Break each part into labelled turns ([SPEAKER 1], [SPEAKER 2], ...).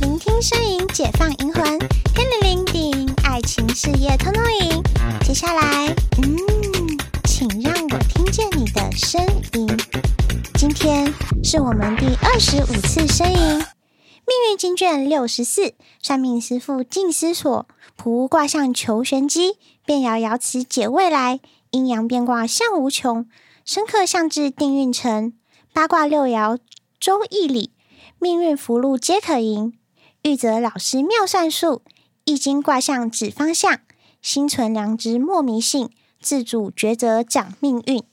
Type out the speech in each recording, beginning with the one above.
[SPEAKER 1] 聆聽聲音，解放靈魂，天靈靈地靈靈，愛情事業通通贏。接下來，嗯，請讓我聽見你的聲音。今天是我們第二十五次聲音。命運經卷六十四，算命師傅靜思索，卜筮卦象求玄機，變爻爻辭解未來，陰陽變化卦象無窮，生剋相制定運程，八卦六爻周易理，命運福祿皆可迎。玉責老師妙算術，易經卦象指方向，心存良知莫迷信，自主抉擇掌命運。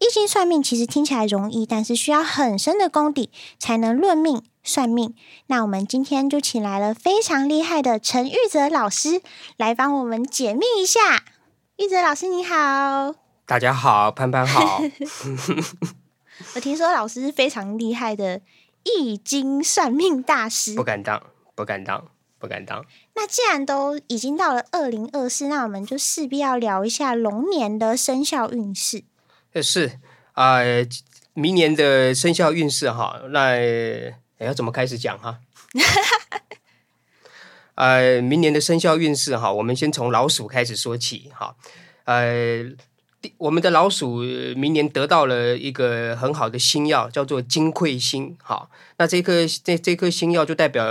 [SPEAKER 1] 易經算命其實聽起來容易，但是需要很深的功底才能論命。算命，那我們今天就請來了非常厲害的承玉責老師來幫我們解密一下。玉責老師，你好！
[SPEAKER 2] 大家好，潘潘好。
[SPEAKER 1] 我聽說老師非常厲害的易經算命大師，不敢
[SPEAKER 2] 當，不敢當，不敢當。
[SPEAKER 1] 那既然都已經到了二零二四，那我們就勢必要聊一下龍年的生肖運勢。
[SPEAKER 2] 是啊、呃，明年的生肖運勢哈，那。哎，要怎麼開始講哈？ 呃，明年的生肖運勢哈，我們先從老鼠開始說起哈。呃，我們的老鼠明年得到了一個很好的星曜叫做金匱星。哈，那這顆這這顆星曜就代表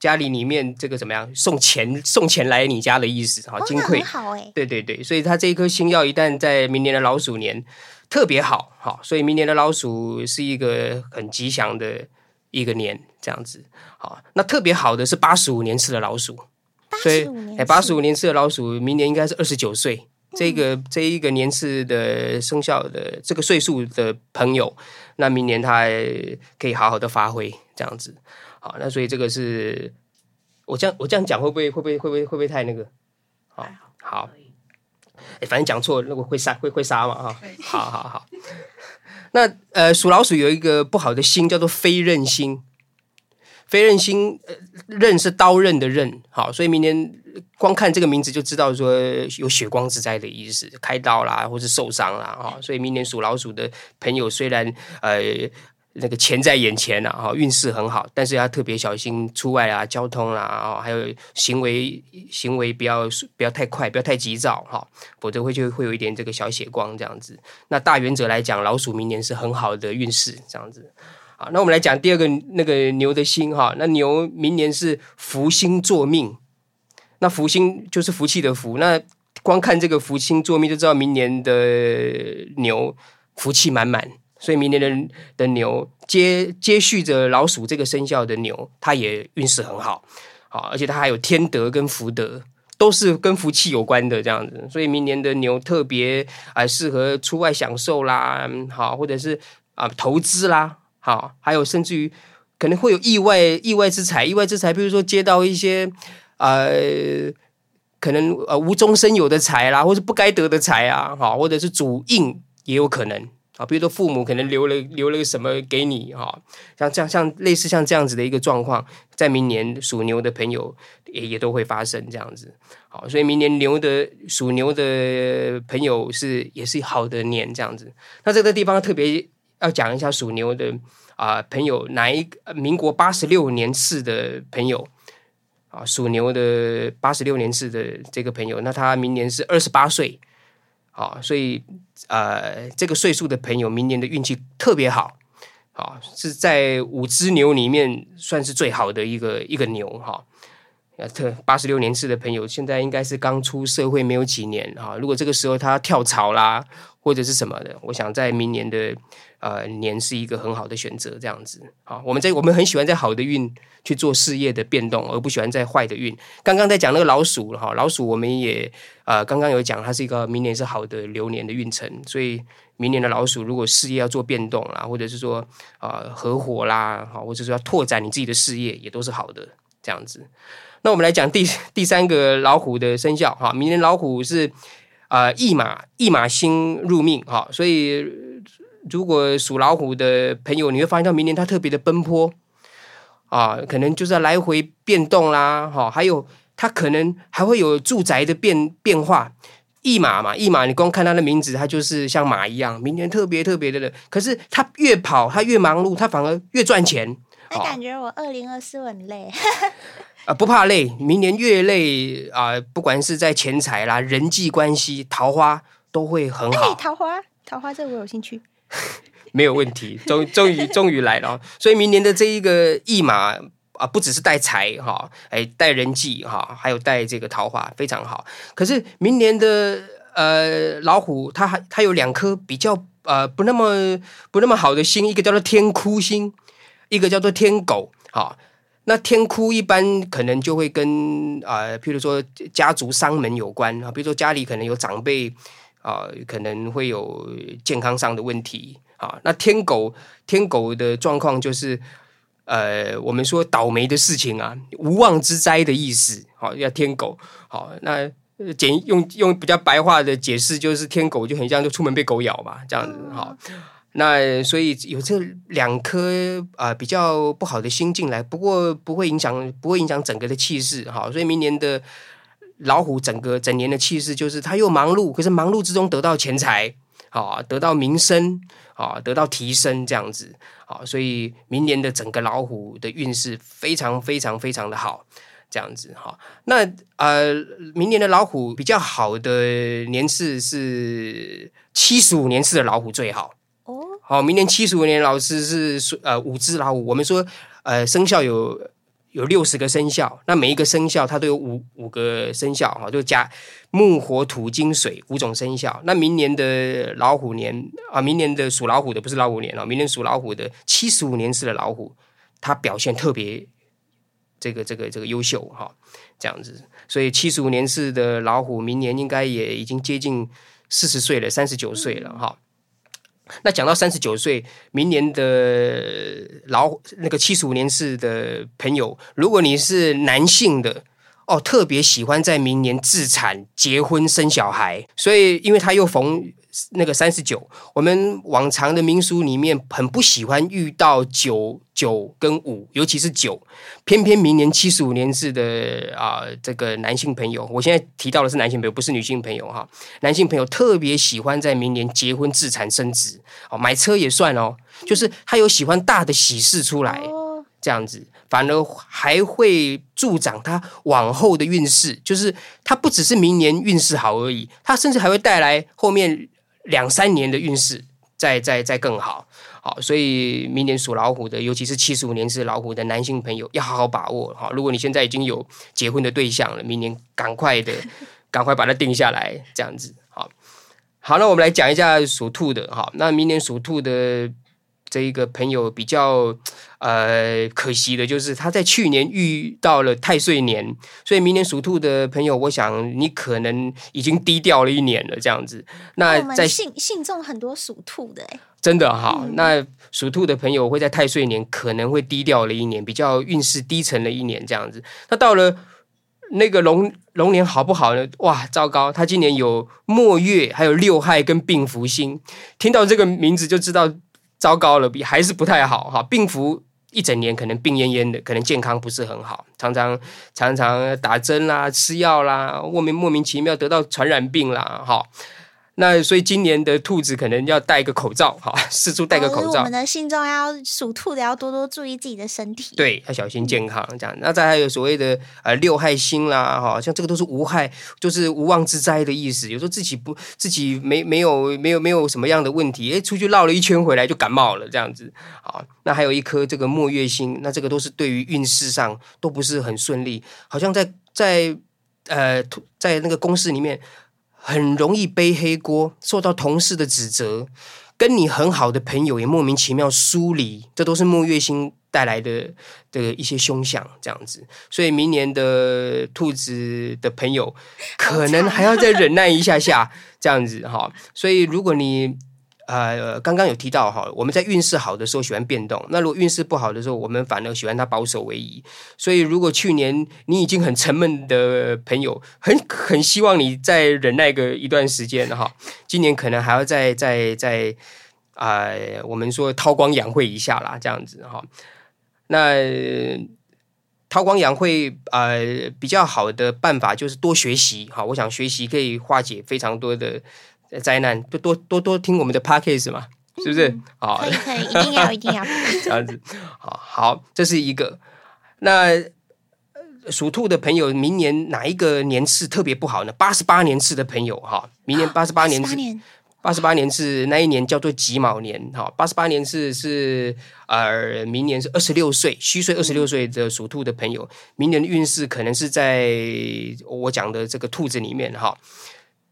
[SPEAKER 2] 家裡裡面這個怎麼樣送錢送錢來你家的意思。哈、哦，金匱桂好哎、欸。對對對，所以它這一顆星曜一旦在明年的老鼠年特別好，哈，所以明年的老鼠是一個很吉祥的。一個年這樣子好，那特別好的是八十五年次的老鼠，所以八十五年次的老鼠，明年應該是二十九歲，嗯、這個這一個年次的生肖的這個歲數的朋友，那明年他可以好好的發揮這樣子好，那所以這個是我這樣我這樣講會不會會不會會不會會不會太那個？好好、欸，反正講錯了，我會刪會會刪嘛哈，以好好好。 那呃，屬老鼠有一個不好的星，叫做飛刃星。飛刃星，呃，刃，是刀刃的刃，好，所以明年光看這個名字就知道說有血光之災的意思，開刀啦，或是受傷啦，啊，所以明年屬老鼠的朋友雖然呃。那個錢在眼前了、啊、哈，運勢很好，但是要特別小心出外啊，交通啦，哦，還有行為行為不要不要太快，不要太急躁哈、哦，否則會就會有一點這個小血光這樣子。那大原則來講，老鼠明年是很好的運勢這樣子。好，那我們來講第二個那個牛的星哈、哦，那牛明年是福星作命，那福星就是福氣的福，那光看這個福星作命就知道明年的牛福氣滿滿。所以，明年的的牛接接續着老鼠這個生肖的牛，它也運勢很好，好，而且它還有天德跟福德，都是跟福氣有關的這樣子。所以，明年的牛特別啊、呃，適合出外享受啦，好，或者是啊、呃，投資啦，好，還有甚至於可能會有意外意外之財，意外之財，比如說接到一些呃，可能呃無中生有的財啦，或是不該得的財啊，好，或者是主印也有可能。啊，比如說父母可能留了留了個什麼給你哈、哦，像像像類似像這樣子的一個狀況，在明年屬牛的朋友也也都會發生這樣子。好、哦，所以明年牛的屬牛的朋友是也是好的年這樣子。那這個地方特別要講一下屬牛的啊、呃、朋友，哪一個民國八十六年次的朋友啊、哦，屬牛的八十六年次的這個朋友，那他明年是二十八歲。好、哦，所以。呃，這個歲數的朋友，明年的運氣特別好，好是在五隻牛裡面算是最好的一個一個牛哈。好。呃，八十六年次的朋友，現在應該是剛出社會沒有幾年啊。如果這個時候他跳槽啦，或者是什麼的，我想在明年的呃年是一個很好的選擇，這樣子啊、哦。我們在我們很喜歡在好的運去做事業的變動，而不喜歡在壞的運。剛剛在講那個老鼠哈，老鼠我們也啊、呃、剛剛有講，它是一個明年是好的流年的運程，所以明年的老鼠如果事業要做變動啦，或者是說啊、呃、合夥啦，好，或者說要拓展你自己的事業，也都是好的這樣子。那我們來講第第三個老虎的生肖哈，明年老虎是啊呃、驛馬，驛馬星入命哈、哦，所以如果屬老虎的朋友，你會發現到明年他特別的奔波啊、哦，可能就是來回變動啦哈、哦，還有他可能還會有住宅的變變化，
[SPEAKER 1] 驛馬嘛，驛馬，
[SPEAKER 2] 你光看他的名字，他就是像馬一樣，明年特別特別的，可是他越跑他越忙碌，他反而越賺錢。
[SPEAKER 1] 我感覺我二零二四很累。
[SPEAKER 2] 啊、呃，不怕累，明年越累啊、呃，不管是在錢財啦、人際關係、桃花都會很好，哎。
[SPEAKER 1] 桃花，桃花，這我有興趣。
[SPEAKER 2] 沒有問題，終終於終於來了。 所以明年的這一個驛馬啊、呃，不只是帶財哈，帶人際哈，還有帶這個桃花，非常好。可是明年的呃老虎，它還它有兩顆比較呃不那麼不那麼好的星，一個叫做天哭星，一個叫做天狗哈。那天哭一般可能就會跟啊、呃，譬如說家族喪門有關啊，比如說家裡可能有長輩啊、呃，可能會有健康上的問題啊。那天狗天狗的狀況就是，呃，我們說倒霉的事情啊，無妄之災的意思，好、啊、要天狗。好，那簡用用比較白話的解釋，就是天狗就很像就出門被狗咬嘛，這樣子好。那所以有這兩顆啊，比較不好的星進來，不過不會影響，不會影響整個的氣勢哈。所以明年的老虎整個，整年的氣勢就是他又忙碌，可是忙碌之中得到錢財，好，得到名聲，好，得到提升這樣子，好。所以明年的整個老虎的運勢非常非常非常的好，這樣子哈。那呃，明年的老虎比較好的年次是七十五年次的老虎最好。好、哦，明年七十五年老師是屬呃五隻老虎。我們說，呃，生肖有有六十個生肖，那每一個生肖它都有五五個生肖哈、哦，就加木火土金水五種生肖。那明年的老虎年啊、呃，明年的屬老虎的不是老虎年啊、哦、明年屬老虎的七十五年式的老虎，他表現特別這個這個這個優秀哈、哦，這樣子。所以七十五年式的老虎，明年應該也已經接近四十歲了，三十九歲了哈。哦那講到三十九歲，明年的老那個七十五年次的朋友，如果你是男性的哦，特別喜歡在明年自產結婚生小孩，所以因為他又逢。那個三十九，我們往常的民俗裡面很不喜歡遇到九九跟五，尤其是九。偏偏明年七十五年次的啊、呃，這個男性朋友，我現在提到的是男性朋友，不是女性朋友哈。男性朋友特別喜歡在明年結婚、置產、生子、哦，買車也算哦，就是他有喜歡大的喜事出來這樣子，反而還會助長他往後的運勢。就是他不只是明年運勢好而已，他甚至還會帶來後面。兩三年的運勢，再再再更好，好，所以明年屬老虎的，尤其是七十五年是老虎的男性朋友，要好好把握，好，如果你現在已經有結婚的對象了，明年趕快的， 趕快把它定下來，這樣子，好，好，那我們來講一下屬兔的，好，那明年屬兔的。這一個朋友比較呃可惜的，就是他在去年遇到了太歲年，所以明年屬兔的朋友，我想你可能已經低調了一年了，這樣子。那在信
[SPEAKER 1] 信眾很多屬兔的、
[SPEAKER 2] 欸、真的哈。嗯、那屬兔的朋友會在太歲年可能會低調了一年，比較運勢低沉了一年，這樣子。那到了那個龍龍年好不好呢？哇，糟糕！他今年有末月，還有六害跟病符星，聽到這個名字就知道。糟糕了，比還是不太好哈。病符一整年，可能病懨懨的，可能健康不是很好，常常常常打針啦、吃藥啦，莫名莫名其妙得到傳染病啦。哈。那所以今年的兔子可能要戴一個口罩哈，四處戴個口罩。我們的
[SPEAKER 1] 信眾，要屬兔的要多多注意自己的身體，
[SPEAKER 2] 對，要小心健康這樣。那再還有所謂的呃六害星啦，哈，像這個都是無害，就是無妄之災的意思。有時候自己不自己沒沒有沒有沒有什麼樣的問題，誒出去繞了一圈回來就感冒了這樣子。好，那還有一顆這個末月星，那這個都是對於運勢上都不是很順利，好像在在呃在那個公司裡面。很容易背黑鍋，受到同事的指責，跟你很好的朋友也莫名其妙疏離，這都是木月星帶來的的一些凶相，這樣子。所以，明年的兔子的朋友可能還要再忍耐一下下， 這樣子哈。所以，如果你呃，剛剛有提到哈，我們在運勢好的時候喜歡變動，那如果運勢不好的時候，我們反而喜歡它保守為宜。所以，如果去年你已經很沉悶的朋友，很很希望你再忍耐個一段時間哈，今年可能還要再再再啊、呃，我們說韜光養晦一下啦，這樣子哈。那韜光養晦啊、呃，比較好的辦法就是多學習哈。我想學習可以化解非常多的。災難就多多多聽我們的 packages 嘛，是不是？好、嗯，一定要一定要 這樣子。好好，這是一個。那屬兔的朋友，明年哪一個年次特別不好呢？八十八年次的朋友哈，明年八十八年次，八十八年次那一年叫做己卯年。哈，八十八年次是呃，明年是二十六歲虛歲二十六歲的屬兔的朋友，明年運勢可能是在我講的這個兔子裡面哈，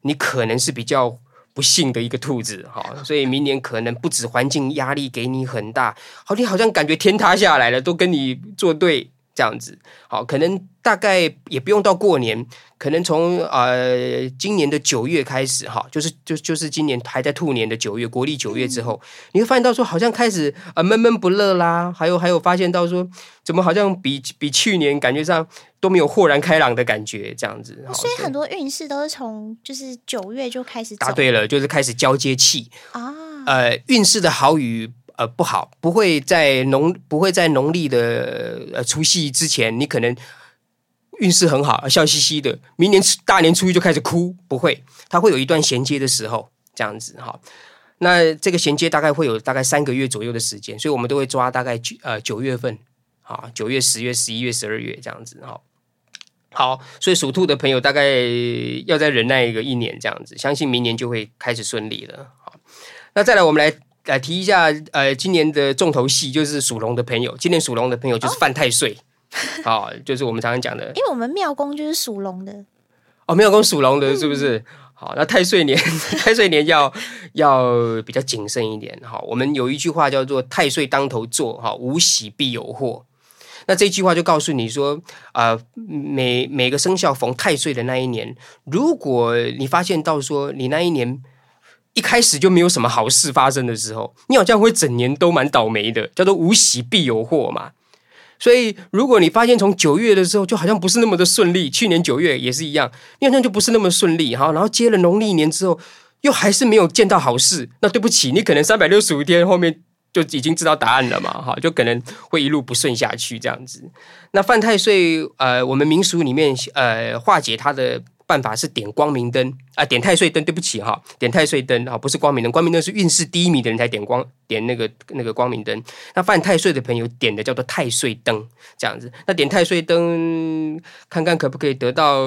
[SPEAKER 2] 你可能是比較。不幸的一個兔子，哈，所以明年可能不止環境壓力給你很大，好，你好像感覺天塌下來了，都跟你作對。這樣子，好，可能大概也不用到過年，可能從呃今年的九月開始哈，就是就就是今年還在兔年的九月，國曆九月之後，嗯。你會發現到說好像開始啊悶悶不樂啦，還有還有發現到說怎麼好像比比去年感覺上都沒有豁然開朗的感覺，這樣子。所以很
[SPEAKER 1] 多運勢都是從就是九月就開始。答對
[SPEAKER 2] 了，就是開始交接期啊，呃，運勢的好與。呃，不好，不會在農不會在農曆的、呃、除夕之前，你可能運勢很好，呃、笑嘻嘻的。明年大年初一就開始哭，不會，它會有一段銜接的時候，這樣子哈、哦。那這個銜接大概會有大概三個月左右的時間，所以我們都會抓大概九呃九月份啊、哦，九月、十月、十一月、十二月這樣子哈、哦。好，所以屬兔的朋友大概要再忍耐一個一年這樣子，相信明年就會開始順利了。好、哦，那再來我們來。來、呃、提一下，呃，今年的重頭戲就是屬龍的朋友。今年屬龍的朋友就是犯太歲，好、哦哦，就是我們常常講的，因
[SPEAKER 1] 為我們廟公就是屬龍的。
[SPEAKER 2] 哦，廟公屬龍的是不是？嗯、好，那太歲年，太歲年要要比較謹慎一點。好，我們有一句話叫做“太歲當頭坐，哈，無喜必有禍”。那這句話就告訴你說，啊、呃，每每個生肖逢太歲的那一年，如果你發現到說你那一年。一開始就沒有什麼好事發生的時候，你好像會整年都蠻倒霉的，叫做無喜必有禍嘛。所以，如果你發現從九月的時候就好像不是那麼的順利，去年九月也是一樣，你好像就不是那麼順利哈。然後接了農曆一年之後，又還是沒有見到好事，那對不起，你可能三百六十五天後面就已經知道答案了嘛哈，就可能會一路不順下去這樣子。那犯太歲，呃，我們民俗裡面呃化解它的。辦法是點光明燈啊，點太歲燈。對不起哈、哦，點太歲燈啊，不是光明燈。光明燈是運勢低迷的人才點光，點那個那個光明燈。那犯太歲的朋友點的叫做太歲燈，這樣子。那點太歲燈，看看可不可以得到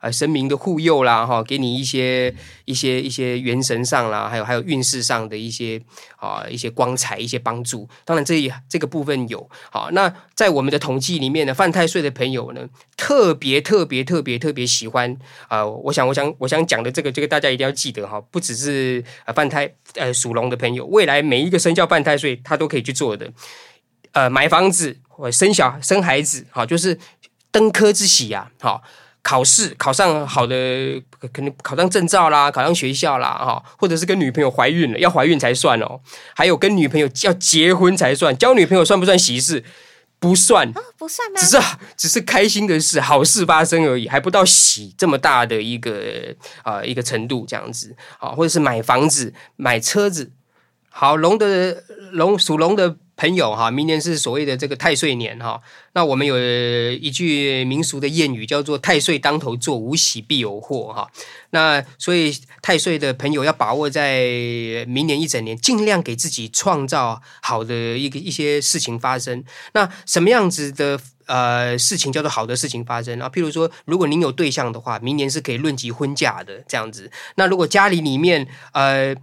[SPEAKER 2] 呃神明的護佑啦哈、哦，給你一些、嗯、一些一些元神上啦，還有還有運勢上的一些啊、哦、一些光彩，一些幫助。當然這，這也這個部分有好、哦。那在我們的統計裡面呢，犯太歲的朋友呢，特別特別特別特別喜歡。啊、呃，我想，我想，我想講的這個，這個大家一定要記得哈、哦。不只是犯太呃屬龍、呃、的朋友，未來每一個生肖犯太歲，他都可以去做的。呃，買房子或生小生孩子、哦，就是登科之喜呀、啊哦。考試考上好的，可能考上證照啦，考上學校啦，哈、哦，或者是跟女朋友懷孕了，要懷孕才算哦。還有跟女朋友要結婚才算，交女朋友算不算喜事？不算，
[SPEAKER 1] 不算，只是
[SPEAKER 2] 只是開心的事，好事發生而已，還不到喜這麼大的一個啊、呃、一個程度這樣子。好，或者是買房子、買車子，好龍的龍屬龍的，朋友哈，明年是所謂的這個太歲年哈。那我們有一句民俗的諺語，叫做“太歲當頭坐，無喜必有禍”哈。那所以太歲的朋友要把握在明年一整年，儘量給自己創造好的一個一些事情發生。那什麼樣子的呃事情叫做好的事情發生啊？譬如說，如果您有對象的話，明年是可以論及婚嫁的這樣子。那如果家裡裡面呃。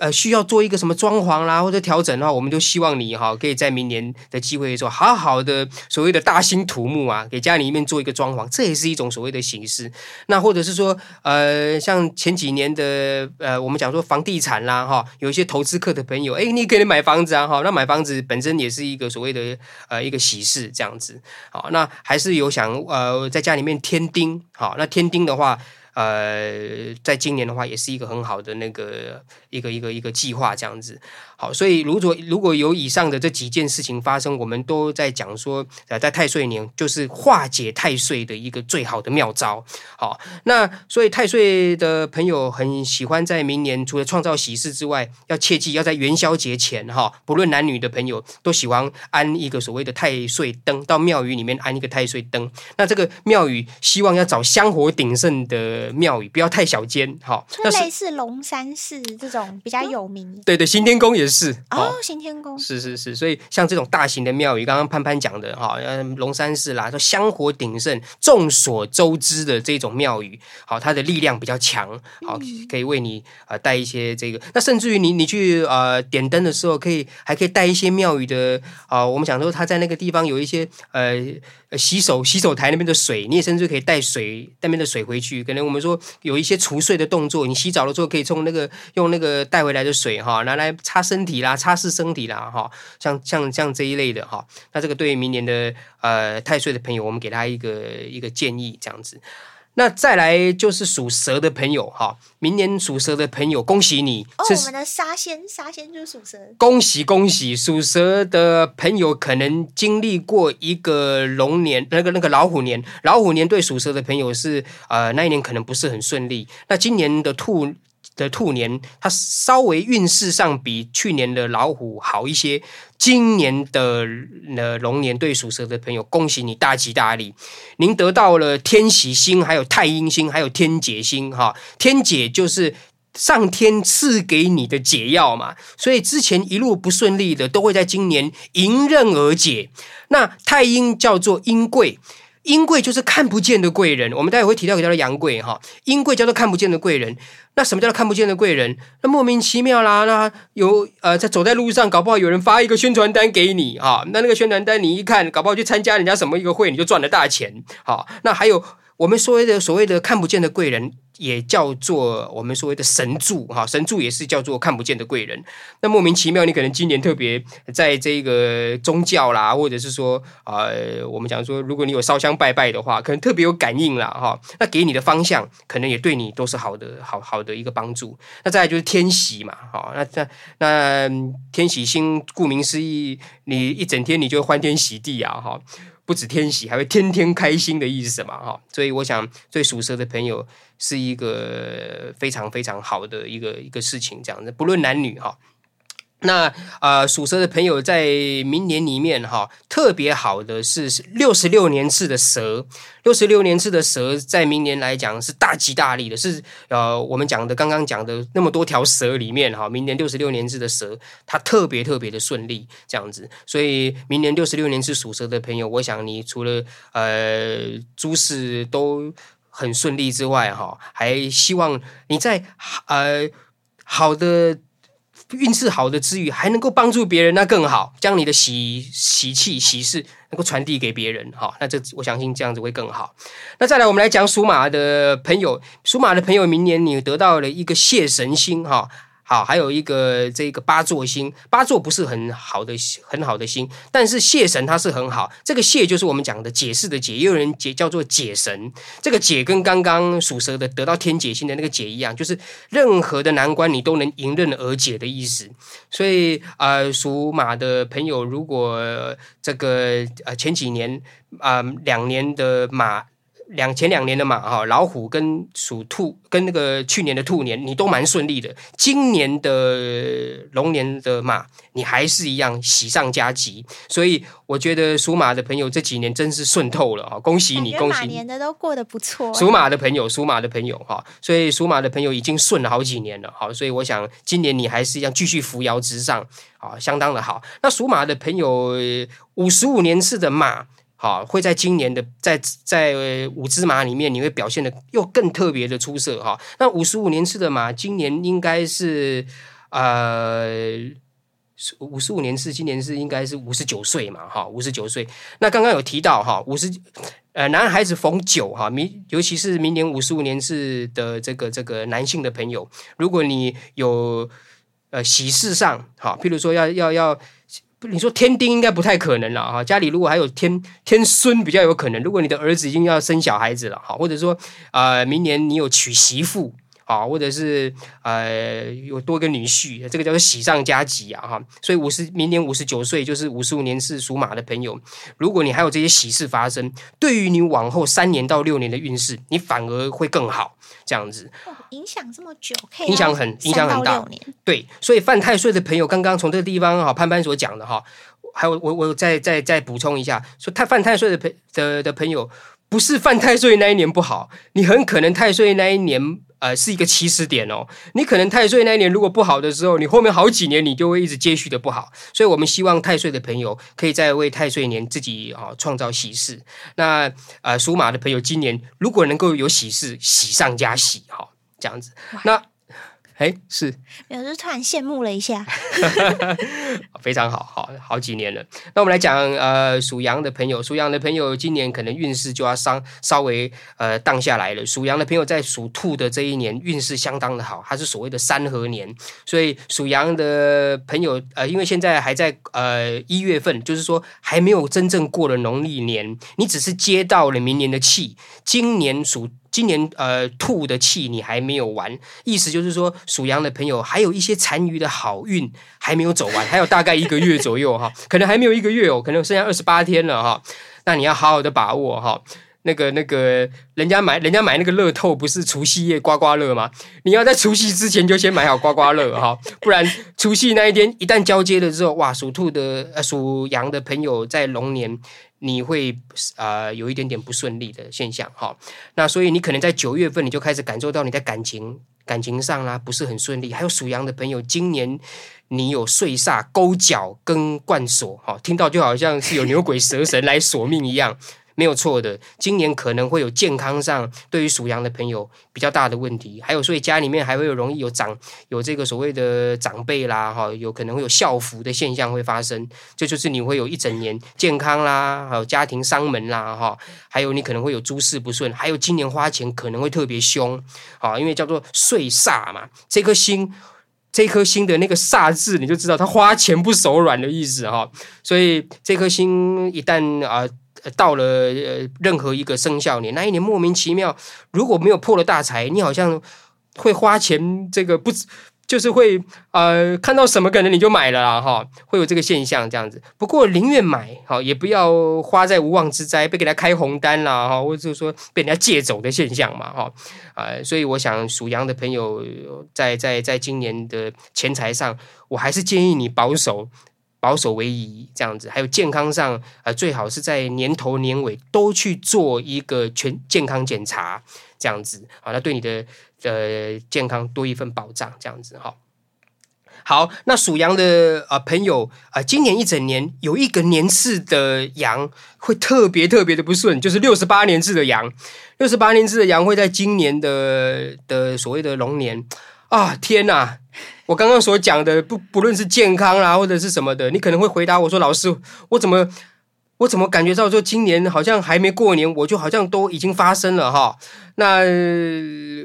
[SPEAKER 2] 呃，需要做一個什麼裝潢啦，或者調整的話，我們就希望你哈，可以在明年的機會做好好的所謂的大興土木啊，給家裡面做一個裝潢，這也是一種所謂的形式。那或者是說，呃，像前幾年的呃，我們講說房地產啦，哈、哦，有一些投資客的朋友，誒，你可以買房子啊，哈、哦，那買房子本身也是一個所謂的呃一個喜事，這樣子。好，那還是有想呃，在家裡面添丁，好，那添丁的話。呃，在今年的話，也是一個很好的那個一個一個一個計劃，這樣子。好，所以如果如果有以上的這幾件事情發生，我們都在講說，呃，在太歲年就是化解太歲的一個最好的妙招。好，那所以太歲的朋友很喜歡在明年，除了創造喜事之外，要切記要在元宵節前哈。不論男女的朋友都喜歡安一個所謂的太歲燈，到廟宇裡面安一個太歲燈。那這個廟宇希望要找香火鼎盛的廟宇，不要太小間。好，
[SPEAKER 1] 春雷是龍山寺這種比較有名
[SPEAKER 2] 的。對對，行天宮也是。是哦，
[SPEAKER 1] 行天宮是
[SPEAKER 2] 是是，所以像這種大型的廟宇，剛剛潘潘講的哈，龍山寺啦，說香火鼎盛，眾所周知的這種廟宇，好，它的力量比較強，好，可以為你啊帶一些這個，嗯、那甚至於你你去啊、呃、點燈的時候，可以還可以帶一些廟宇的啊、呃，我們講說他在那個地方有一些呃洗手洗手台那邊的水，你也甚至可以帶水那邊的水回去，可能我們說有一些除祟的動作，你洗澡的時候可以、那個、用那個用那個帶回來的水哈，拿來擦身。身體啦，擦拭身體啦，哈，像像像這一類的哈，那這個對於明年的呃太歲的朋友，我們給他一個一個建議這樣子。那再來就是屬蛇的朋友哈，明年屬蛇的朋友，恭喜你哦，我們
[SPEAKER 1] 的沙仙沙仙就是屬
[SPEAKER 2] 蛇，恭喜恭喜屬蛇的朋友，可能經歷過一個龍年，那個那個老虎年，老虎年對屬蛇的朋友是呃那一年可能不是很順利，那今年的兔。的兔年，它稍微運勢上比去年的老虎好一些。今年的呢，龍年，對屬蛇的朋友，恭喜你大吉大利，您得到了天喜星，還有太陰星，還有天解星。哈，天解就是上天賜給你的解藥嘛，所以之前一路不順利的，都會在今年迎刃而解。那太陰叫做陰貴。陰貴就是看不見的貴人，我們待會會提到一個叫做陽貴哈，陰貴叫做看不見的貴人。那什麼叫做看不見的貴人？那莫名其妙啦，那有呃，在走在路上，搞不好有人發一個宣傳單給你哈，那那個宣傳單你一看，搞不好去參加人家什麼一個會，你就賺了大錢。好，那還有。我們所謂的所謂的看不見的貴人，也叫做我們所謂的神助哈，神助也是叫做看不見的貴人。那莫名其妙，你可能今年特別在這個宗教啦，或者是說，呃，我們講說，如果你有燒香拜拜的話，可能特別有感應啦。哈、哦。那給你的方向，可能也對你都是好的，好好的一個幫助。那再來就是天喜嘛，哈、哦，那那那、嗯、天喜星，顧名思義，你一整天你就歡天喜地啊，哈、哦。不止天喜，還會天天開心的意思嘛？哈，所以我想，最屬蛇的朋友是一個非常非常好的一個一個事情，這樣子，不論男女哈。那呃，屬蛇的朋友在明年裡面哈，特別好的是六十六年次的蛇。六十六年次的蛇在明年來講是大吉大利的，是呃，我們講的剛剛講的那麼多條蛇裡面哈，明年六十六年次的蛇，它特別特別的順利這樣子。所以明年六十六年次屬蛇的朋友，我想你除了呃諸事都很順利之外哈，還希望你在呃好的。運勢好的之餘，還能夠幫助別人，那更好，將你的喜喜氣喜事能夠傳遞給別人，好、哦，那這我相信這樣子會更好。那再來，我們來講屬馬的朋友，屬馬的朋友，明年你得到了一個謝神星，哈、哦。好，還有一個這個八座星，八座不是很好的很好的星，但是解神它是很好。這個解就是我們講的解釋的解，也有人解叫做解神。這個解跟剛剛屬蛇的得到天解星的那個解一樣，就是任何的難關你都能迎刃而解的意思。所以呃，屬馬的朋友，如果這個呃前幾年啊、呃、兩年的馬。兩前兩年的馬哈老虎跟屬兔跟那個去年的兔年，你都蠻順利的。今年的龍年的馬，你還是一樣喜上加吉，所以我覺得屬馬的朋友這幾年真是順透了恭喜你，恭喜你年的
[SPEAKER 1] 都過得不錯。屬馬
[SPEAKER 2] 的朋友，屬馬的朋友哈，所以屬馬的朋友已經順了好幾年了哈，所以我想今年你還是一樣繼續扶搖直上啊，相當的好。那屬馬的朋友，五十五年次的馬。好，會在今年的在在五隻馬裡面，你會表現得又更特別的出色哈。那五十五年次的馬，今年應該是呃五十五年次，今年是應該是五十九歲嘛哈，五十九歲。那剛剛有提到哈，五十呃男孩子逢九哈，明尤其是明年五十五年次的這個這個男性的朋友，如果你有呃喜事上哈，譬如說要要要。要不，你說天丁應該不太可能了哈。家裡如果還有天天孫比較有可能。如果你的兒子已經要生小孩子了哈，或者說啊、呃，明年你有娶媳婦。啊，或者是呃，有多個女婿，這個叫做喜上加喜啊，哈。所以五十明年五十九歲，就是五十五年是屬馬的朋友，如果你還有這些喜事發生，對於你往後三年到六年的運勢，你反而會更好，這樣子。哦、影響這
[SPEAKER 1] 麼久，影響很影響很大。
[SPEAKER 2] 對，所以犯太歲的朋友，剛剛從這個地方哈、哦，潘潘所講的哈、哦，還有我我再再再補充一下，說他犯太歲的朋的的朋友，不是犯太歲那一年不好，你很可能太歲那一年。呃，是一個起始點哦。你可能太歲那一年如果不好的時候，你後面好幾年你就會一直接續的不好。所以我們希望太歲的朋友可以再為太歲年自己啊、哦、創造喜事。那呃屬馬的朋友今年如果能夠有喜事，喜上加喜哈、哦，這樣子。哇那。哎，是，
[SPEAKER 1] 我是突然羨慕了一下，
[SPEAKER 2] 非常好，好，好幾年了。那我們來講，呃，屬羊的朋友，屬羊的朋友今年可能運勢就要稍稍微呃盪下來了。屬羊的朋友在屬兔的這一年運勢相當的好，它是所謂的三合年，所以屬羊的朋友，呃，因為現在還在呃一月份，就是說還沒有真正過了農曆年，你只是接到了明年的氣，今年屬兔。今年呃，兔的氣你還沒有完，意思就是說屬羊的朋友還有一些殘餘的好運還沒有走完，還有大概一個月左右哈， 可能還沒有一個月哦，可能剩下二十八天了哈、哦，那你要好好的把握哈、哦。那個那個人家買人家買那個樂透不是除夕夜刮刮樂嗎？你要在除夕之前就先買好刮刮樂哈、哦，不然除夕那一天一旦交接了之後，哇，屬兔的、呃、屬羊的朋友在龍年。你會啊、呃、有一點點不順利的現象哈、哦，那所以你可能在九月份你就開始感受到你的感情感情上啦、啊、不是很順利，還有屬羊的朋友，今年你有歲煞勾絞跟貫索哈、哦，聽到就好像是有牛鬼蛇神來索命一樣。 沒有錯的，今年可能會有健康上對於屬羊的朋友比較大的問題，還有所以家裡面還會有容易有長有這個所謂的長輩啦哈、哦，有可能會有孝服的現象會發生，這就，就是你會有一整年健康啦，還有家庭喪門啦哈、哦，還有你可能會有諸事不順，還有今年花錢可能會特別兇，好、哦，因為叫做歲煞嘛，這顆星這顆星的那個煞字，你就知道它花錢不手軟的意思哈、哦，所以這顆星一旦啊。呃到了任何一個生肖年，那一年莫名其妙，如果沒有破了大財，你好像會花錢，這個不就是會呃看到什麼可能你就買了啦。哈，會有這個現象這樣子。不過寧願買好，也不要花在無妄之災，被給他開紅單啦哈，或者說被人家借走的現象嘛哈啊、呃。所以我想屬羊的朋友在在在今年的錢財上，我還是建議你保守。保守為宜，這樣子。還有健康上，呃，最好是在年頭年尾都去做一個全健康檢查，這樣子。好，那對你的呃健康多一份保障，這樣子。好，好。那屬羊的啊、呃、朋友啊、呃，今年一整年有一個年次的羊會特別特別的不順，就是六十八年次的羊，六十八年次的羊會在今年的的所謂的龍年啊，天吶、啊！我剛剛所講的，不不論是健康啦、啊，或者是什麼的，你可能會回答我說：“老師，我怎麼，我怎麼感覺到說，今年好像還沒過年，我就好像都已經發生了哈。那”那、呃、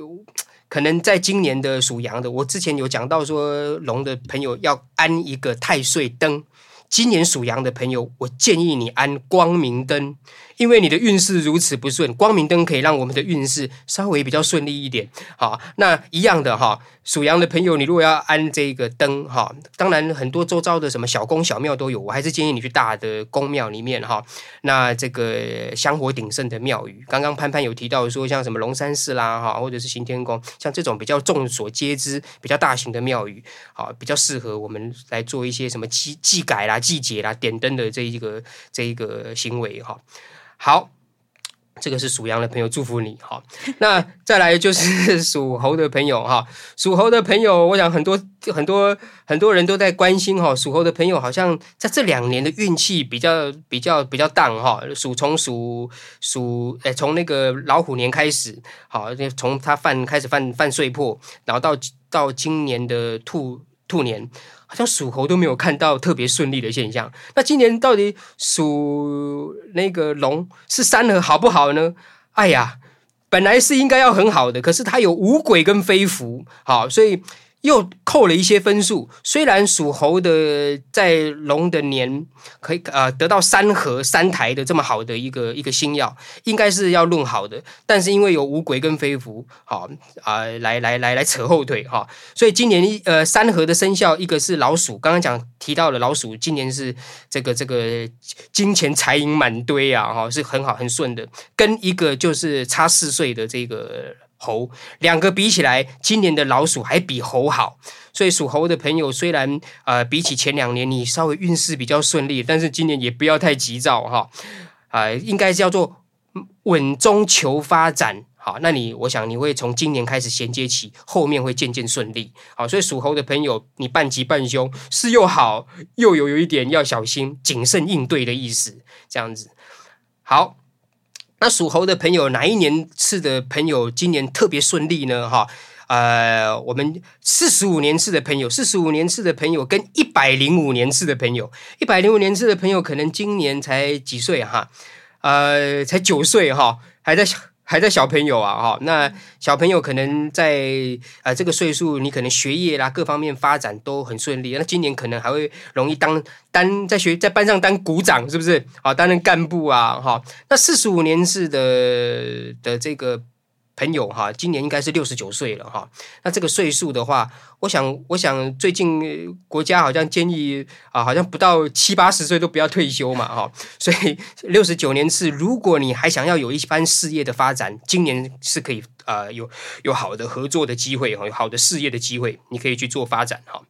[SPEAKER 2] 可能在今年的屬羊的，我之前有講到說，龍的朋友要安一個太歲燈，今年屬羊的朋友，我建議你安光明燈。因為你的運勢如此不順，光明燈可以讓我們的運勢稍微比較順利一點。好，那一樣的哈，屬羊的朋友，你如果要安這個燈哈，當然很多周遭的什麼小宮小廟都有，我還是建議你去大的宮廟裡面哈。那這個香火鼎盛的廟宇，剛剛潘潘有提到說，像什麼龍山寺啦哈，或者是行天宮，像這種比較眾所皆知、比較大型的廟宇，好，比較適合我們來做一些什麼祭祭改啦、祭解啦、點燈的這一個這一個行為哈。好，這個是屬羊的朋友，祝福你。好，那再來就是屬猴的朋友哈，屬猴的朋友，我想很多很多很多人都在關心哈，屬猴的朋友好像在這兩年的運氣比較比較比較淡哈。屬從屬屬，哎，從那個老虎年開始，好，從他犯開始犯犯歲破，然後到到今年的兔兔年。好像屬猴都沒有看到特別順利的現象，那今年到底屬那個龍是三合好不好呢？哎呀，本來是應該要很好的，可是它有五鬼跟飛符，好，所以。又扣了一些分數，雖然屬猴的在龍的年可以呃得到三合三台的這麼好的一個一個星曜，應該是要論好的，但是因為有五鬼跟飛符，好、哦、啊、呃、來來來來扯後腿哈、哦，所以今年一呃三合的生肖一個是老鼠，剛剛講提到了老鼠，今年是這個這個金錢財銀滿堆啊哈、哦，是很好很順的，跟一個就是差四歲的這個。猴兩個比起來，今年的老鼠還比猴好，所以屬猴的朋友雖然呃比起前兩年你稍微運勢比較順利，但是今年也不要太急躁哈，啊、哦呃，應該叫做穩中求發展。好，那你我想你會從今年開始銜接起，後面會漸漸順利。好，所以屬猴的朋友，你半吉半凶，是又好，又有有一點要小心謹慎應對的意思，這樣子。好。那屬猴的朋友，哪一年次的朋友今年特別順利呢？哈，呃，我們四十五年次的朋友，四十五年次的朋友跟一百零五年次的朋友，一百零五年次的朋友可能今年才幾歲哈？呃，才九歲哈，還在想。還在小朋友啊，哈，那小朋友可能在啊、呃、這個歲數，你可能學業啦各方面發展都很順利，那今年可能還會容易當當在學在班上當股長，是不是？啊擔任幹部啊，哈，那四十五年次的的這個。朋友哈，今年應該是六十九歲了哈。那這個歲數的話，我想，我想最近國家好像建議啊，好像不到七八十歲都不要退休嘛哈。所以六十九年次，如果你還想要有一番事業的發展，今年是可以啊、呃，有有好的合作的機會，有好的事業的機會，你可以去做發展哈。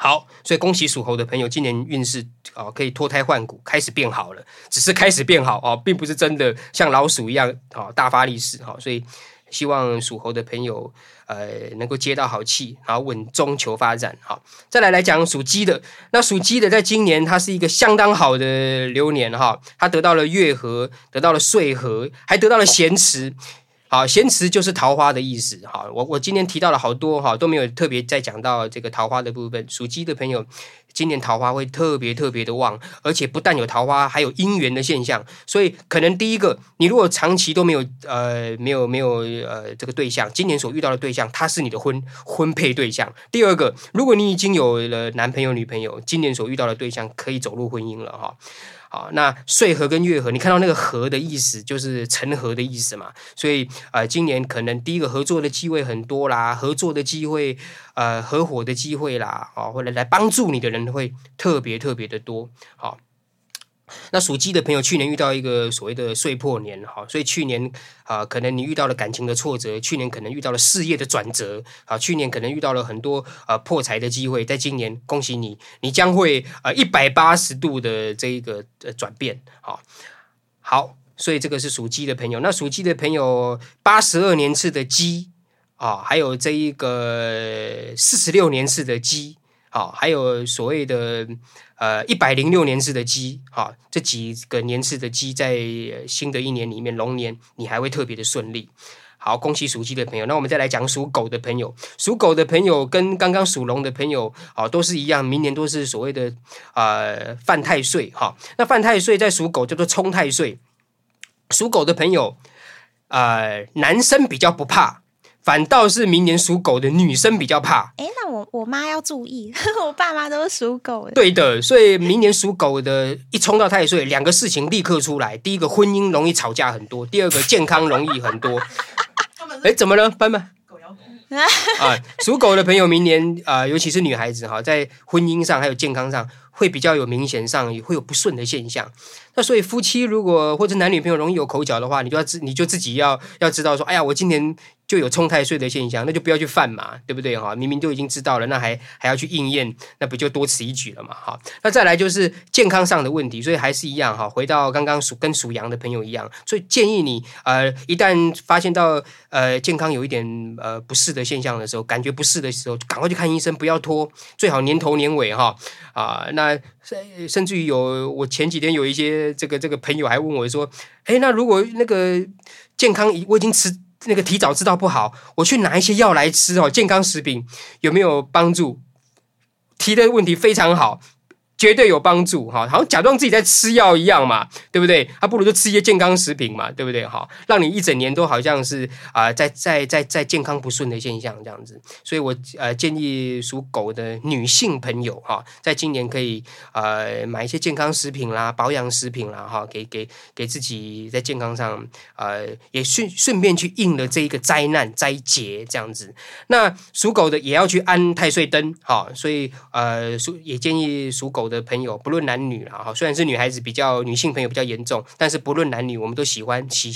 [SPEAKER 2] 好，所以恭喜屬猴的朋友，今年運勢啊可以脫胎換骨，開始變好了。只是開始變好啊、哦，並不是真的像老鼠一樣啊、哦、大發利市哈。所以希望屬猴的朋友呃能夠接到好氣，然後穩中求發展好、哦，再來來講屬雞的，那屬雞的在今年它是一個相當好的流年哈，它、哦、得到了月合，得到了歲合，還得到了咸池。好，咸池就是桃花的意思。好，我我今天提到了好多哈，都沒有特別再講到這個桃花的部分。屬雞的朋友，今年桃花會特別特別的旺，而且不但有桃花，還有姻緣的現象。所以，可能第一個，你如果長期都沒有呃沒有沒有呃這個對象，今年所遇到的對象，他是你的婚婚配對象。第二個，如果你已經有了男朋友女朋友，今年所遇到的對象可以走入婚姻了哈。啊，那歲合跟月合，你看到那個合的意思就是成合的意思嘛，所以呃，今年可能第一個合作的機會很多啦，合作的機會，呃，合夥的機會啦，啊、哦，或者來幫助你的人會特別特別的多，好。那屬雞的朋友，去年遇到一個所謂的“歲破年”哈，所以去年啊，可能你遇到了感情的挫折，去年可能遇到了事業的轉折啊，去年可能遇到了很多呃破財的機會，在今年恭喜你，你將會啊一百八十度的這一個呃轉變啊。好，所以這個是屬雞的朋友。那屬雞的朋友，八十二年次的雞啊，還有這一個四十六年次的雞。好，還有所謂的呃一百零六年次的雞，哈、哦，這幾個年次的雞在新的一年裡面，龍年你還會特別的順利。好，恭喜屬雞的朋友。那我們再來講屬狗的朋友，屬狗的朋友跟剛剛屬龍的朋友，好、哦，都是一樣，明年都是所謂的呃犯太歲，哈、哦。那犯太歲在屬狗叫做沖太歲，屬狗的朋友，呃，男生比較不怕。反倒是明年屬狗的女生比較怕。哎、
[SPEAKER 1] 欸，那我我媽要注意，我爸媽都是屬狗的。
[SPEAKER 2] 對的，所以明年屬狗的，一沖到太歲，兩個事情立刻出來。第一個，婚姻容易吵架很多；第二個，健康容易很多。哎、 欸，怎麼了，班吧
[SPEAKER 1] 窯
[SPEAKER 2] 啊，屬狗的朋友，明年啊、呃，尤其是女孩子哈，在婚姻上還有健康上。會比較有明顯上也會有不順的現象，那所以夫妻如果或者男女朋友容易有口角的話，你就要自你就自己要要知道說，哎呀，我今年就有沖太歲的現象，那就不要去犯嘛，對不對哈？明明都已經知道了，那還還要去應驗，那不就多此一舉了嘛？哈，那再來就是健康上的問題，所以還是一樣哈，回到剛剛跟屬跟屬羊的朋友一樣，所以建議你呃，一旦發現到呃健康有一點呃不適的現象的時候，感覺不適的時候，就趕快去看醫生，不要拖，最好年頭年尾哈啊、呃、那。甚甚至於有我前幾天有一些這個這個朋友還問我說：“哎，那如果那個健康我已經吃那個提早知道不好，我去拿一些藥來吃哦，健康食品有沒有幫助？”提的問題非常好。絕對有幫助哈，好像假裝自己在吃藥一樣嘛，對不對？還、啊、不如就吃一些健康食品嘛，對不對？哈，讓你一整年都好像是啊、呃，在在在在健康不順的現象這樣子。所以我呃建議屬狗的女性朋友哈、呃，在今年可以呃買一些健康食品啦、保養食品啦，哈、呃，給給給自己在健康上呃也順順便去應了這一個災難災劫這樣子。那屬狗的也要去安太歲燈哈、呃，所以呃屬也建議屬狗的朋友不論男女哈，雖然是女孩子比較女性朋友比較嚴重，但是不論男女，我們都喜歡祈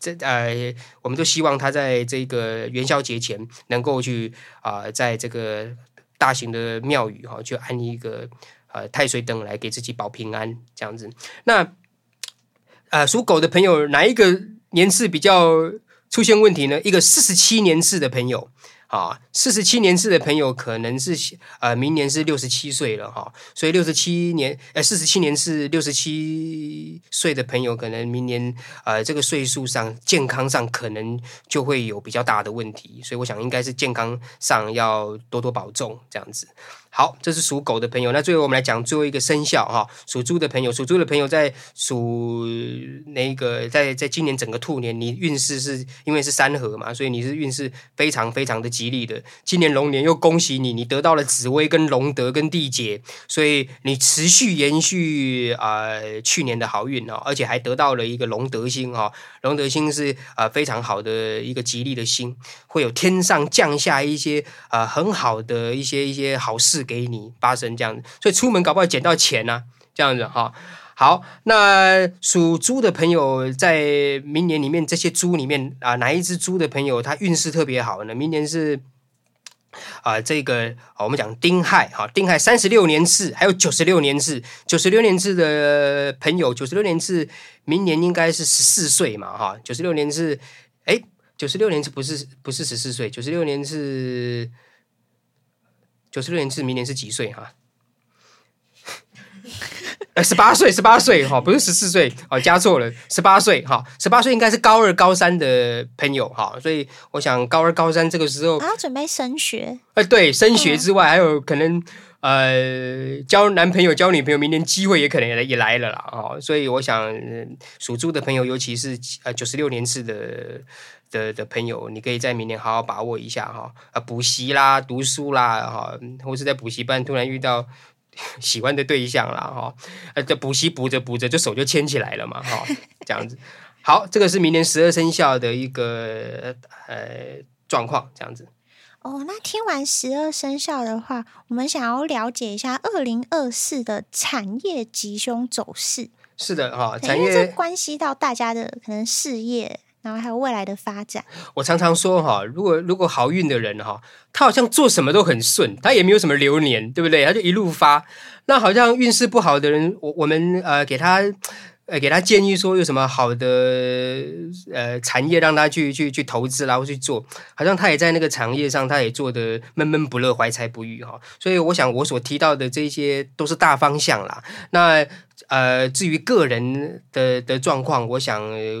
[SPEAKER 2] 這呃，我們都希望他在這個元宵節前能夠去啊、呃，在這個大型的廟宇哈、呃，去安一個呃太歲燈來給自己保平安這樣子。那呃，屬狗的朋友哪一個年次比較出現問題呢？一個四十七年次的朋友。啊，四十七年次的朋友可能是呃，明年是六十七歲了哈、哦，所以六十七年，呃，四十七年次六十七歲的朋友，可能明年呃，這個歲數上健康上可能就會有比較大的問題，所以我想應該是健康上要多多保重這樣子。好，這是屬狗的朋友。那最後我們來講最後一個生肖哈，屬豬的朋友，屬豬的朋友在屬那個在在今年整個兔年，你運勢是因為是三合嘛，所以你是運勢非常非常的吉利的。今年龍年又恭喜你，你得到了紫微跟龍德跟地劫，所以你持續延續啊、呃、去年的好運哦，而且還得到了一個龍德星哈，龍德星是啊、呃、非常好的一個吉利的星，會有天上降下一些啊、呃、很好的一些一些好事。給你八成這樣子，所以出門搞不好撿到錢呢、啊，這樣子哈、哦。好，那屬豬的朋友在明年裡面這些豬裡面啊、呃，哪一只豬的朋友他運勢特別好呢？明年是啊、呃，這個、哦、我們講丁亥哈、哦，丁亥三十六年次，還有九十六年次，九十六年次的朋友，九十六年次明年應該是十四歲嘛哈、哦，九十六年次哎，九十六年次不是不是十四歲？九十六年次。九十六年次明年是幾歲哈？啊、十八歲，十八歲哈，不是十四歲哦，加錯了，十八歲哈，十八歲應該是高二、高三的朋友哈，所以我想高二、高三這個時候啊，他
[SPEAKER 1] 準備升學，哎、
[SPEAKER 2] 呃，對，升學之外、啊、還有可能呃，交男朋友、交女朋友，明年機會也可能也，也來了啦，所以我想屬豬的朋友，尤其是呃九十六年次的。的的朋友，你可以在明年好好把握一下哈啊，呃，補習啦，讀書啦，哈，或是在補習班突然遇到呵呵喜歡的對象啦。哈，呃，補習補着補着就手就牽起來了嘛哈， 這樣子。好，這個是明年十二生肖的一個呃狀況，這樣子。
[SPEAKER 1] 哦，那聽完十二生肖的話，我們想要了解一下二零二四的產業吉凶走勢。
[SPEAKER 2] 是的啊，產業，欸，因為這
[SPEAKER 1] 關係到大家的可能事業。然後還有未來的發展，
[SPEAKER 2] 我常常說哈，如果如果好運的人哈，他好像做什麼都很順，他也沒有什麼流年，對不對？他就一路發。那好像運勢不好的人，我我們呃給他呃給他建議說有什麼好的呃產業讓他去去去投資，然後去做，好像他也在那個產業上，他也做得悶悶不樂，懷才不遇哈、哦。所以我想我所提到的這些都是大方向啦。那。呃，至於個人的的狀況，我想，呃，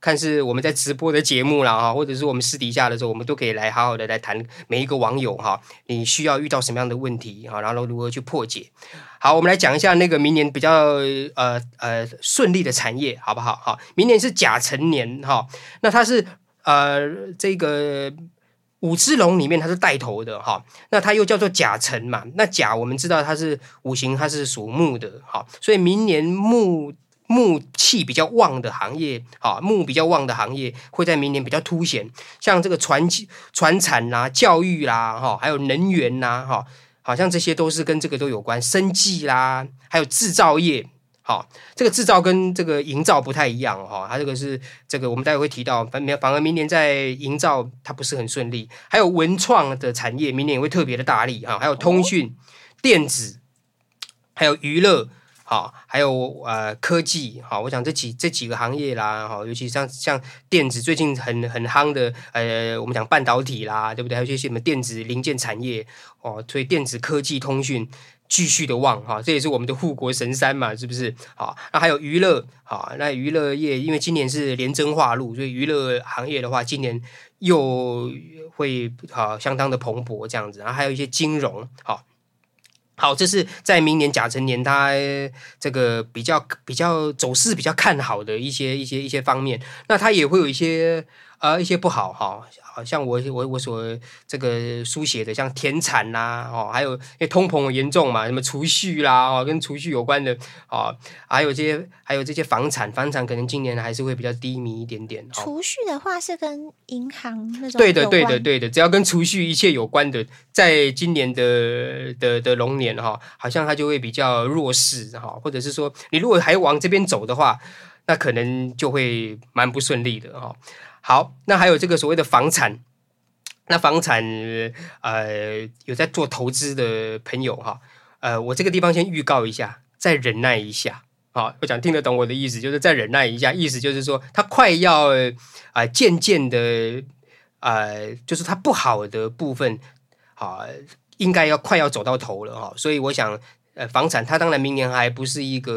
[SPEAKER 2] 看是我們在直播的節目了哈，或者是我們私底下的時候，我們都可以來好好的來談每一個網友哈、哦，你需要遇到什麼樣的問題、哦、然後如何去破解。好，我們來講一下那個明年比較呃呃順利的產業好不好？好、哦，明年是甲辰年哈、哦，那它是呃這個。五隻龍裡面，它是帶頭的哈。那它又叫做甲辰嘛。那甲我們知道它是五行，它是屬木的哈。所以明年木木氣比較旺的行業，哈木比較旺的行業會在明年比較凸顯。像這個傳傳產啦、啊、教育啦、啊，哈還有能源啦、啊，哈好像這些都是跟這個都有關。生技啦、啊，還有製造業。好、哦，這個制造跟這個營造不太一樣哈、哦，它這個是這個我們待會會提到，反正反而明年在營造它不是很順利。還有文創的產業，明年也會特別的大力哈、哦，還有通訊、電子，還有娛樂，好、哦，還有呃科技，好、哦，我想這幾這幾個行業啦，哈、哦，尤其像像電子最近很很夯的，呃，我們講半導體啦，對不對？還有一些什麼電子零件產業哦，所以電子科技、通訊。繼續的旺哈，這也是我們的護國神山嘛，是不是？好，那還有娛樂，好，那娛樂業因為今年是廉貞化祿，所以娛樂行業的話，今年又會啊相當的蓬勃這樣子。然後還有一些金融，好，好，這是在明年甲辰年它這個比較比較走勢比較看好的一些一些一些方面。那它也會有一些。呃，一些不好哈，好、哦、像我我我所這個書寫的，像田產啦、啊，哦，還有因為通膨嚴重嘛，什麼儲蓄啦、啊，哦，跟儲蓄有關的，哦，還有這些，還有這些房產，房產可能今年還是會比較低迷一點點。儲
[SPEAKER 1] 蓄的話是跟銀行那種，對的，對的，
[SPEAKER 2] 對的，只要跟儲蓄一切有關的，在今年的的的龍年哈、哦，好像它就會比較弱勢哈、哦，或者是說，你如果還往這邊走的話，那可能就會蠻不順利的哈。哦好，那還有這個所謂的房產，那房產呃有在做投資的朋友哈，呃，我這個地方先預告一下，再忍耐一下，好，我想聽得懂我的意思，就是再忍耐一下，意思就是說他快要啊漸漸的啊，就是他不好的部分，好，應該要快要走到頭了哈，所以我想。呃，房產它當然明年還不是一個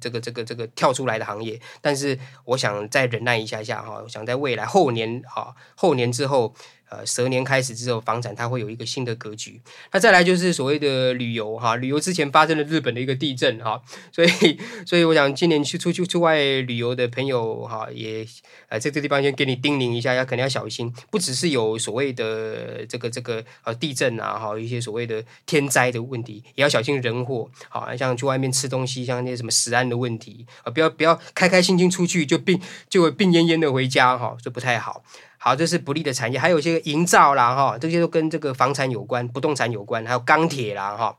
[SPEAKER 2] 這個這個這個跳出來的行業，但是我想再忍耐一下一下哈，我想在未來後年啊後年之後。呃，蛇年開始之後，房產它會有一個新的格局。那再來就是所謂的旅遊哈、呃，旅遊之前發生了日本的一個地震哈、呃，所以所以我想今年去出去出外旅遊的朋友哈，也呃這個地方先給你叮嚀一下，要肯定要小心。不只是有所謂的這個這個呃地震啊哈、呃，一些所謂的天災的問題，也要小心人禍。好、呃，像去外面吃東西，像那些什麼食安的問題，啊、呃、不要不要開開心心出去就病就病懨懨的回家哈，這、呃、不太好。好，這是不利的產業，還有一些營造啦哈，這些都跟這個房產有關、不動產有關，還有鋼鐵啦哈。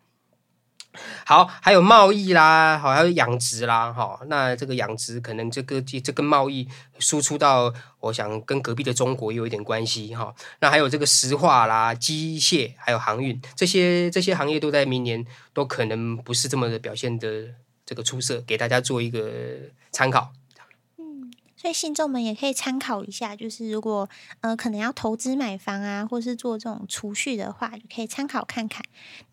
[SPEAKER 2] 好，還有貿易啦，好，還有養殖啦哈。那這個養殖可能這個這這跟貿易輸出到，我想跟隔壁的中國有一點關係哈。那還有這個石化啦、機械，還有航運這些這些行業都在明年都可能不是這麼的表現的這個出色，給大家做一個參考。
[SPEAKER 1] 信眾們也可以參考一下，就是如果呃可能要投資買房啊，或是做這種儲蓄的話，就可以參考看看。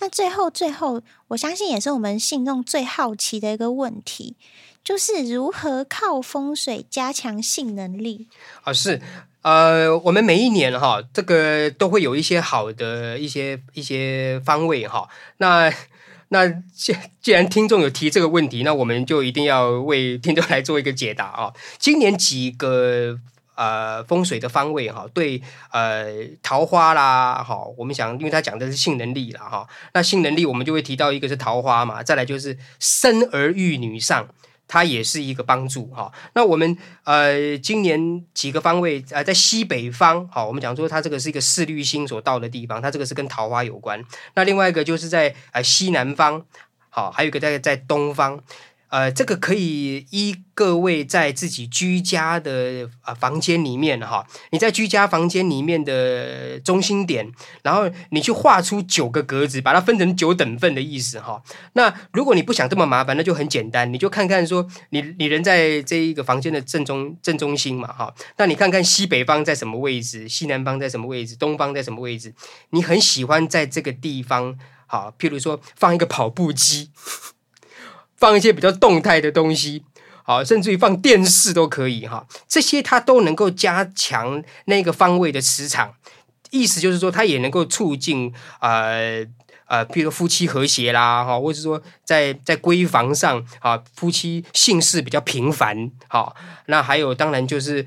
[SPEAKER 1] 那最後最後，我相信也是我們信眾最好奇的一個問題，就是如何靠風水加強性能力
[SPEAKER 2] 啊？是呃，我們每一年哈、哦，這個都會有一些好的一些一些方位哈、哦，那。那既既然聽眾有提這個問題，那我們就一定要為聽眾來做一個解答啊！今年幾個呃風水的方位哈，對呃桃花啦，哈，我們想，因為他講的是性能力啦哈，那性能力我們就會提到一個是桃花嘛，再來就是生兒育女上。它也是一個幫助哈。那我們呃，今年幾個方位啊、呃，在西北方好、哦，我們講說它這個是一個四綠星所到的地方，它這個是跟桃花有關。那另外一個就是在呃西南方，好、哦，還有一個在在東方。呃，這個可以依各位在自己居家的、啊、呃、房間裡面哈、哦，你在居家房間裡面的中心點，然後你去畫出九個格子，把它分成九等份的意思哈、哦。那如果你不想這麼麻煩，那就很簡單，你就看看說你，你你人在這一個房間的正中正中心嘛哈、哦。那你看看西北方在什麼位置，西南方在什麼位置，東方在什麼位置，你很喜歡在這個地方好、哦，譬如說放一個跑步機。放一些比較動態的東西，好，甚至於放電視都可以哈。這些它都能夠加強那個方位的磁場，意思就是說，它也能夠促進呃呃，比如說夫妻和諧啦，哈，或者說在在閨房上啊，夫妻性事比較頻繁，好。那還有當然就是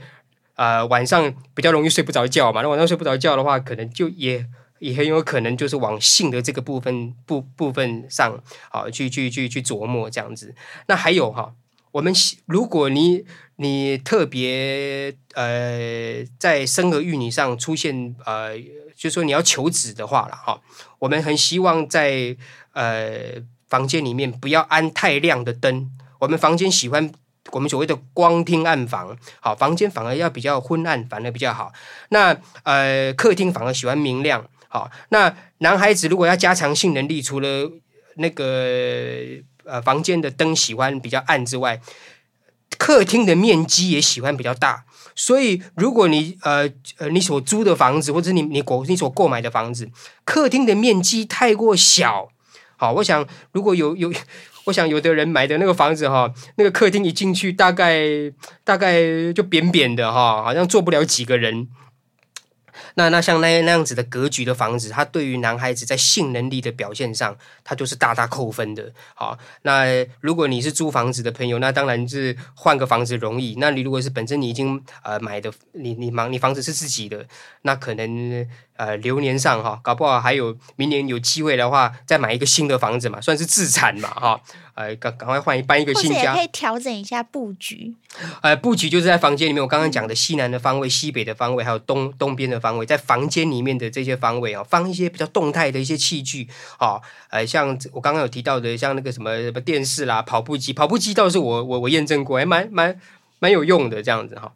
[SPEAKER 2] 呃，晚上比較容易睡不着覺嘛。那晚上睡不着覺的話，可能就也。也很有可能就是往性的這個部分部部分上啊去去去去琢磨這樣子。那還有哈，我們如果你你特別呃在生兒育女上出現呃，就說你要求子的話了哈，我們很希望在呃房間裡面不要安太亮的燈。我們房間喜歡我們所謂的光廳暗房，好，房間反而要比較昏暗反而比較好。那呃客廳反而喜歡明亮。好，那男孩子如果要加強性能力，除了那個呃房間的燈喜歡比較暗之外，客廳的面積也喜歡比較大。所以，如果你呃呃你所租的房子，或者是你你購你所購買的房子，客廳的面積太過小，好，我想如果有有，我想有的人買的那個房子哈、哦，那個客廳一進去，大概大概就扁扁的哈，好像坐不了幾個人。那那像那那樣子的格局的房子，它對於男孩子在性能力的表現上，它就是大大扣分的。好、哦，那如果你是租房子的朋友，那當然是換個房子容易。那你如果是本身你已經呃買的，你你房你房子是自己的，那可能呃流年上哈，搞不好還有明年有機會的話，再買一個新的房子嘛，算是自產嘛哈。哦呃，趕趕快換一搬一個新家，或者也可以
[SPEAKER 1] 調整一下布局。
[SPEAKER 2] 呃，布局就是在房間裡面，我剛剛講的西南的方位、西北的方位，還有東東邊的方位，在房間裡面的這些方位哦，放一些比較動態的一些器具啊、哦。呃，像我剛剛有提到的，像那個什麼什麼電視啦、跑步機，跑步機倒是我我我驗證過，還、哎、蠻蠻蠻、蠻有用的，這樣子哈、哦。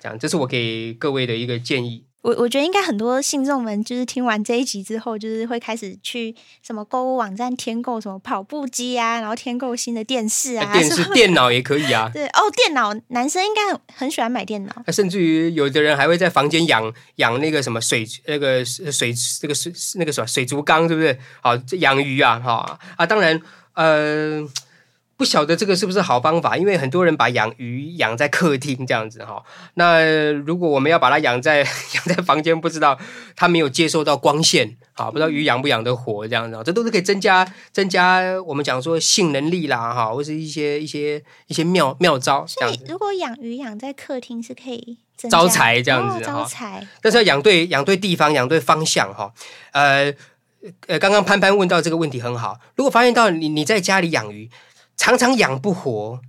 [SPEAKER 2] 這樣，這是我給各位的一個建議。
[SPEAKER 1] 我我覺得應該很多信眾們就是聽完這一集之後，就是會開始去什麼購物網站添購什麼跑步機啊，然後添購新的電視啊，啊電視電腦也可以啊。對哦，電腦男生應該很很喜歡買電腦，啊。
[SPEAKER 2] 甚至於有的人還會在房間養養那個什麼水，那個，水那個水這個水那個什麼水族缸，對不對？好，養魚啊，哈，哦，啊，當然，嗯、呃。不曉得這個是不是好方法，因為很多人把養魚養在客廳這樣子哈。那如果我們要把它養在養在房間，不知道它沒有接受到光線，好不知道魚養不養得活這樣子。這都是可以增加增加我們講說性能力啦哈，或是一些一些一些妙妙招這樣子。所以
[SPEAKER 1] 如果養魚養在客廳是可以招財這樣子，哦、招財。
[SPEAKER 2] 但是要養對養對地方，養對方向哈。呃呃，剛剛潘潘問到這個問題很好，如果發現到你你在家裡養魚。常常養不活，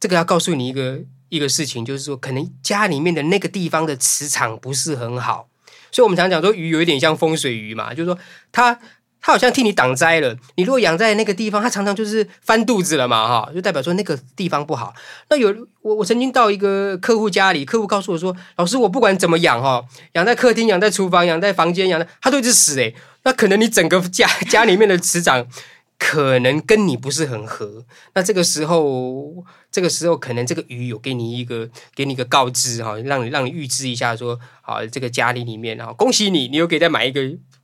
[SPEAKER 2] 這個要告訴你一個一個事情，就是說，可能家裡面的那個地方的磁場不是很好，所以我們常常講說魚有一點像風水魚嘛，就是說它，它它好像替你擋災了。你如果養在那個地方，它常常就是翻肚子了嘛，哈，就代表說那個地方不好。那有我我曾經到一個客戶家裡，客戶告訴我說，老師，我不管怎麼養哈，養在客廳、養在廚房、養在房間養的，它都一直死誒、欸、那可能你整個家家裡面的磁場。可能跟你不是很合，那這個時候，這個時候可能這個魚有給你一個給你一個告知哈、哦，讓你讓你預知一下說，說好這個家裡裡面，然、哦、恭喜你，你又可以再買一個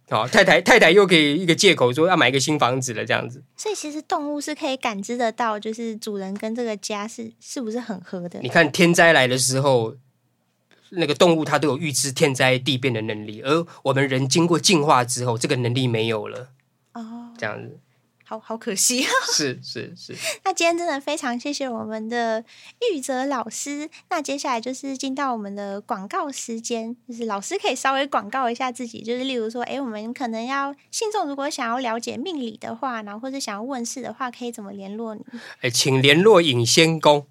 [SPEAKER 2] 好，太太太太又給一個借口說要買一個新房子了，這樣子。
[SPEAKER 1] 所以其實動物是可以感知得到，就是主人跟這個家是是不是很合的。你看
[SPEAKER 2] 天災來的時候，那個動物它都有預知天災地變的能力，而我們人經過進化之後，這個能力沒有了
[SPEAKER 1] 哦，Oh. 這樣子。好好可惜，喔，是，是是是。 那今天真的非常謝謝我們的玉責老師。那接下來就是進到我們的廣告時間，就是老師可以稍微廣告一下自己。就是例如說，哎、欸，我們可能要信眾如果想要了解命理的話，然後或是想要問事的話，可以怎麼聯絡你？
[SPEAKER 2] 哎、欸，請聯絡寅仙宮。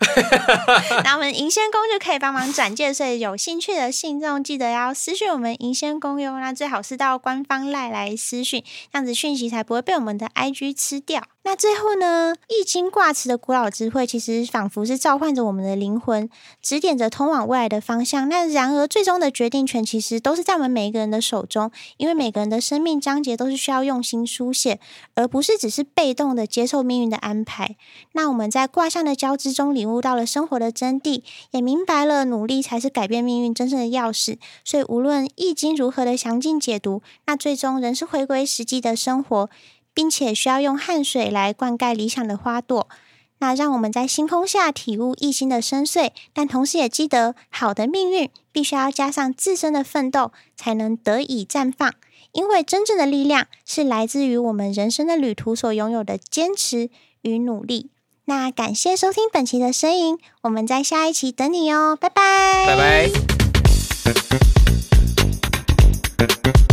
[SPEAKER 1] 那我們寅仙宮就可以幫忙轉介，所以有興趣的信眾記得要私訊我們寅仙宮喲。那最好是到官方賴來私訊，這樣子訊息才不會被我們的 IG 吃掉。那最後呢，《易經》卦辭的古老智慧，其實仿佛是召喚着我們的靈魂，指點着通往未來的方向。那然而，最終的決定權其實都是在我們每一個人的手中，因為每個人的生命章節都是需要用心書寫，而不是只是被動的接受命運的安排。那我們在卦象的交織中，領悟到了生活的真諦，也明白了努力才是改變命運真正的鑰匙。所以，無論《易經》如何的詳盡解讀，那最終仍是回歸實際的生活。並且需要用汗水來灌溉理想的花朵。那讓我們在星空下體悟一心的深邃，但同時也記得，好的命運必須要加上自身的奮鬥，才能得以綻放。因為真正的力量是來自於我們人生的旅途所擁有的堅持與努力。那感謝收聽本期的聲寅，我們在下一期等你哦，拜拜，拜
[SPEAKER 2] 拜。嗯嗯嗯